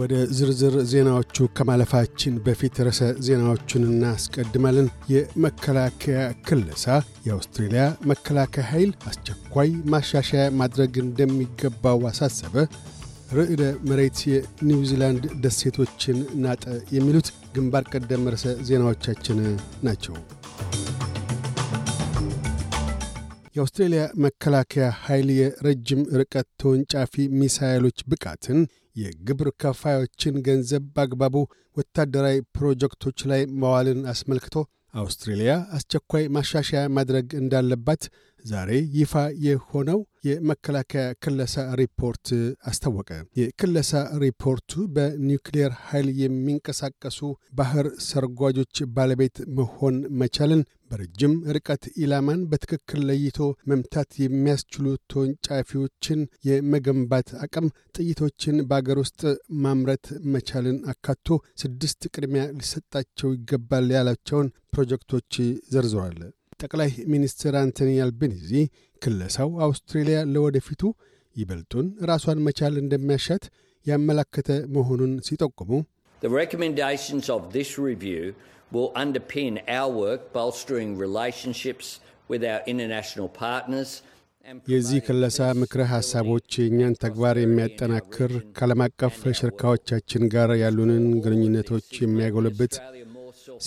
ወደ ዝርዝር ዜናዎቹ ከማለፋችን በፊት ርዕሰ ዜናዎቹን እናስቀድማለን። የመከላከያ ክለሳ የአውስትሬልያ መከላከያ ኃይል አስቸኳይ ማሻሻያ ማድረግ እንደሚገባው አሳሰበ። ርዕደ መሬት የኒውዚላንድ ደሴቶችን ናጠ። የሚሉት ግንባር ቀደም ርዕሰ ዜናዎቻችን ናቸው። የአውስትሬልያ መከላከያ ኃይል የረጅም ርቀት ተወንጫፊ ሚሳይሎች ብቃትን የግብር ከፋዮችን ገንዘብ በአግባቡ ወታደራዊ ፕሮጀክቶች ላይ መዋልን አስመልክቶ አውስትሬልያ አስቸኳይ ማሻሻያ ማድረግ እንዳለባት ዛሬ ይፋ የሆነው የመከላከያ ክለሳ ሪፖርት አስታወቀ። የክለሳ ሪፖርቱ በኒውክሌር ኃይል የሚንቀሳቀሱ ባህር ሰርጓጆች ባለቤት መሆን መቻልን በረጅም ርቀት ኢላማን በትክክል ለይቶ መምታት የሚያስችሉ ተወንጫፊዎችን የመገንባት አቅም፣ ጥይቶችን በአገር ውስጥ ማምረት መቻልን አካቶ ስድስት ቅድሚያ ሊሰጣቸው ይገባል ያላቸውን ፕሮጀክቶች ዘርዝሯል። ጠቅላይ ሚኒስትር አንቶኒ አልቤኒዚ ክለሳው አውስትሬልያ ለወደፊቱ ይበልጡን ራሷን መቻል እንደሚያሻት ያመላከተ መሆኑን ሲጠቁሙ The recommendations of this review will underpin our work bolstering relationships with our international partners. የዚህ ክለሳ ምክረ ሐሳቦች የእኛን ተግባር የሚያጠናክር ከዓለም አቀፍ ሽርካዎቻችን ጋር ያሉንን ግንኙነቶች የሚያጎለብት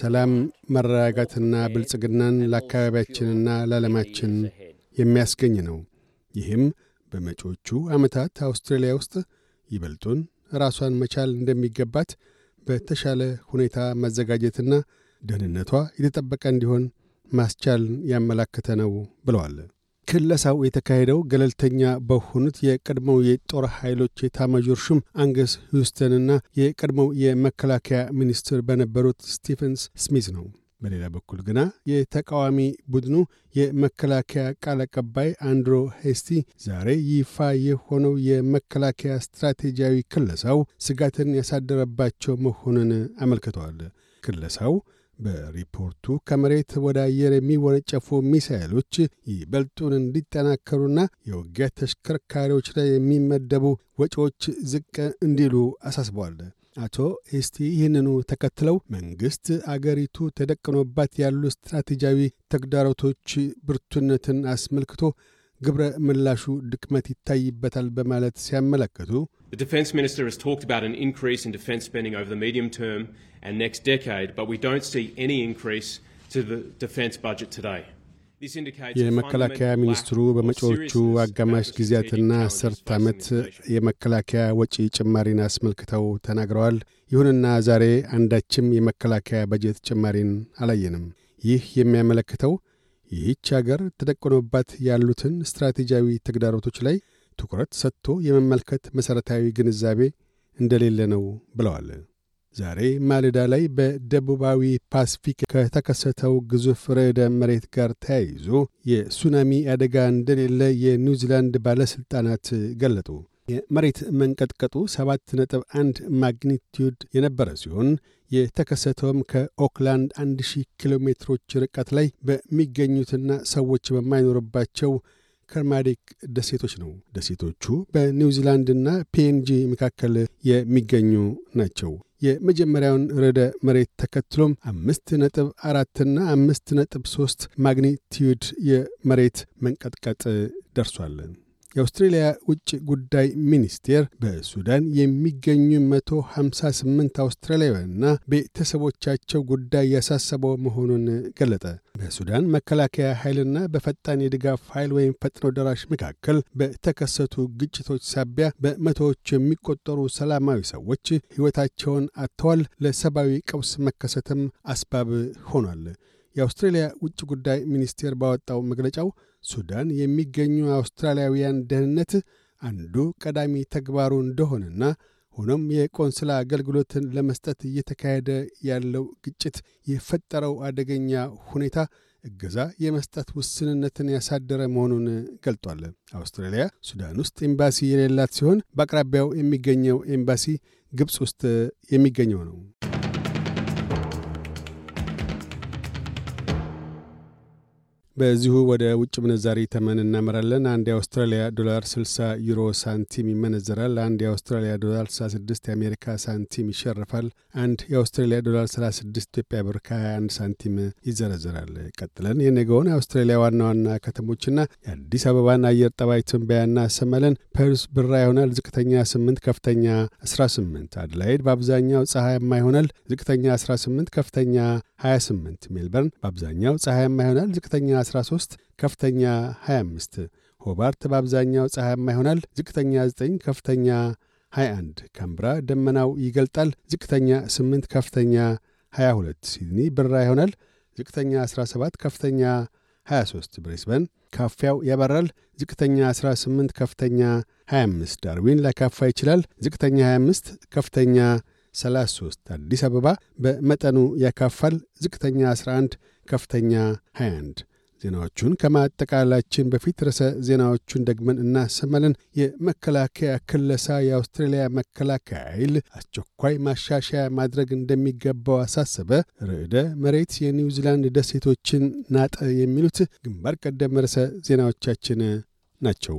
ሰላም፣ መረጋጋትና ብልጽግናን ለአካባቢያችንና ለዓለማችን የሚያስገኝ ነው። ይህም በመጪዎቹ ዓመታት አውስትራሊያ ውስጥ ይበልጡን ራሷን መቻል እንደሚገባት በተሻለ ሁኔታ መዘጋጀትና ደህንነቷ የተጠበቀ እንዲሆን ማስቻልን ያመላከተ ነው ብለዋል። ክለሳው የተካሄደው ገለልተኛ በሆኑት የቀድሞው የጦር ኃይሎች የታማዦር ሹም አንገስ ሂውስተንና የቀድሞው የመከላከያ ሚኒስትር በነበሩት ስቲፈንስ ስሚዝ ነው። በሌላ በኩል ግና የተቃዋሚ ቡድኑ የመከላከያ ቃል አቀባይ አንድሮ ሄስቲ ዛሬ ይፋ የሆነው የመከላከያ ስትራቴጂያዊ ክለሳው ስጋትን ያሳደረባቸው መሆኑን አመልክተዋል። ክለሳው በሪፖርቱ ከመሬት ወደ አየር የሚወነጨፉ ሚሳይሎች ይበልጡን እንዲጠናከሩና የውጊያ ተሽከርካሪዎች ላይ የሚመደቡ ወጪዎች ዝቅ እንዲሉ አሳስበዋል። አቶ ኤስቲ ይህንኑ ተከትለው መንግስት አገሪቱ ተደቅኖባት ያሉ ስትራቴጂያዊ ተግዳሮቶች ብርቱነትን አስመልክቶ ግብረ ምላሹ ድክመት ይታይበታል በማለት ሲያመለክቱ ሚኒስትር የመከላከያ ሚኒስትሩ በመጪዎቹ አጋማሽ ጊዜያትና አስርት ዓመት የመከላከያ ወጪ ጭማሪን አስመልክተው ተናግረዋል። ይሁንና ዛሬ አንዳችም የመከላከያ በጀት ጭማሪን አላየንም። ይህ የሚያመለክተው ይህች አገር ተደቀኖባት ያሉትን ስትራቴጂያዊ ተግዳሮቶች ላይ ትኩረት ሰጥቶ የመመልከት መሠረታዊ ግንዛቤ እንደሌለ ነው ብለዋል። ዛሬ ማልዳ ላይ በደቡባዊ ፓስፊክ ከተከሰተው ግዙፍ ርዕደ መሬት ጋር ተያይዞ የሱናሚ አደጋ እንደሌለ የኒውዚላንድ ባለሥልጣናት ገለጡ። የመሬት መንቀጥቀጡ 7.1 ማግኒቲዩድ የነበረ ሲሆን የተከሰተውም ከኦክላንድ 1000 ኪሎ ሜትሮች ርቀት ላይ በሚገኙትና ሰዎች በማይኖርባቸው ከርማዲክ ደሴቶች ነው። ደሴቶቹ በኒውዚላንድና ፒኤንጂ መካከል የሚገኙ ናቸው። የመጀመሪያውን ረደ መሬት ተከትሎም አምስት ነጥብ አራትና አምስት ነጥብ ሶስት ማግኒቲዩድ የመሬት መንቀጥቀጥ ደርሷል። የአውስትሬልያ ውጭ ጉዳይ ሚኒስቴር በሱዳን የሚገኙ 158 አውስትራሊያውያንና ቤተሰቦቻቸው ጉዳይ ያሳሰበው መሆኑን ገለጠ። በሱዳን መከላከያ ኃይልና በፈጣን የድጋፍ ኃይል ወይም ፈጥኖ ደራሽ መካከል በተከሰቱ ግጭቶች ሳቢያ በመቶዎች የሚቆጠሩ ሰላማዊ ሰዎች ሕይወታቸውን አጥተዋል። ለሰብአዊ ቀውስ መከሰትም አስባብ ሆኗል። የአውስትራሊያ ውጭ ጉዳይ ሚኒስቴር ባወጣው መግለጫው ሱዳን የሚገኙ አውስትራሊያውያን ደህንነት አንዱ ቀዳሚ ተግባሩ እንደሆነና ሆኖም የቆንስላ አገልግሎትን ለመስጠት እየተካሄደ ያለው ግጭት የፈጠረው አደገኛ ሁኔታ እገዛ የመስጠት ውስንነትን ያሳደረ መሆኑን ገልጧል። አውስትራሊያ ሱዳን ውስጥ ኤምባሲ የሌላት ሲሆን በአቅራቢያው የሚገኘው ኤምባሲ ግብፅ ውስጥ የሚገኘው ነው። በዚሁ ወደ ውጭ ምንዛሪ ተመን እናመራለን። አንድ የአውስትራሊያ ዶላር 60 ዩሮ ሳንቲም ይመነዘራል። አንድ የአውስትራሊያ ዶላር 66 የአሜሪካ ሳንቲም ይሸርፋል። አንድ የአውስትራሊያ ዶላር 36 ኢትዮጵያ ብር ከ21 ሳንቲም ይዘረዘራል። ቀጥለን የነገውን የአውስትራሊያ ዋና ዋና ከተሞችና የአዲስ አበባን አየር ጠባይ ትንበያ እናሰማለን። ፐርስ ብራ ይሆናል። ዝቅተኛ 8፣ ከፍተኛ 18። አድላይድ በአብዛኛው ፀሐያማ ይሆናል። ዝቅተኛ 18፣ ከፍተኛ 28። ሜልበርን በአብዛኛው ፀሐያማ ይሆናል። ዝቅተኛ 13 ከፍተኛ 25። ሆባርት በአብዛኛው ፀሐያማ ይሆናል። ዝቅተኛ 9 ከፍተኛ 21። ካምብራ ደመናው ይገልጣል። ዝቅተኛ 8 ከፍተኛ 22። ሲድኒ ብራ ይሆናል። ዝቅተኛ 17 ከፍተኛ 23። ብሬስበን ካፊያው ያበራል። ዝቅተኛ 18 ከፍተኛ 25። ዳርዊን ላካፋ ይችላል። ዝቅተኛ 25 ከፍተኛ 33። አዲስ አበባ በመጠኑ ያካፋል። ዝቅተኛ 11 ከፍተኛ 21። ዜናዎቹን ከማጠቃላችን በፊት ርዕሰ ዜናዎቹን ደግመን እናሰማለን። የመከላከያ ክለሳ የአውስትራሊያ መከላከያ ኃይል አስቸኳይ ማሻሻያ ማድረግ እንደሚገባው አሳሰበ። ርዕደ መሬት የኒውዚላንድ ደሴቶችን ናጠ። የሚሉት ግንባር ቀደም ርዕሰ ዜናዎቻችን ናቸው።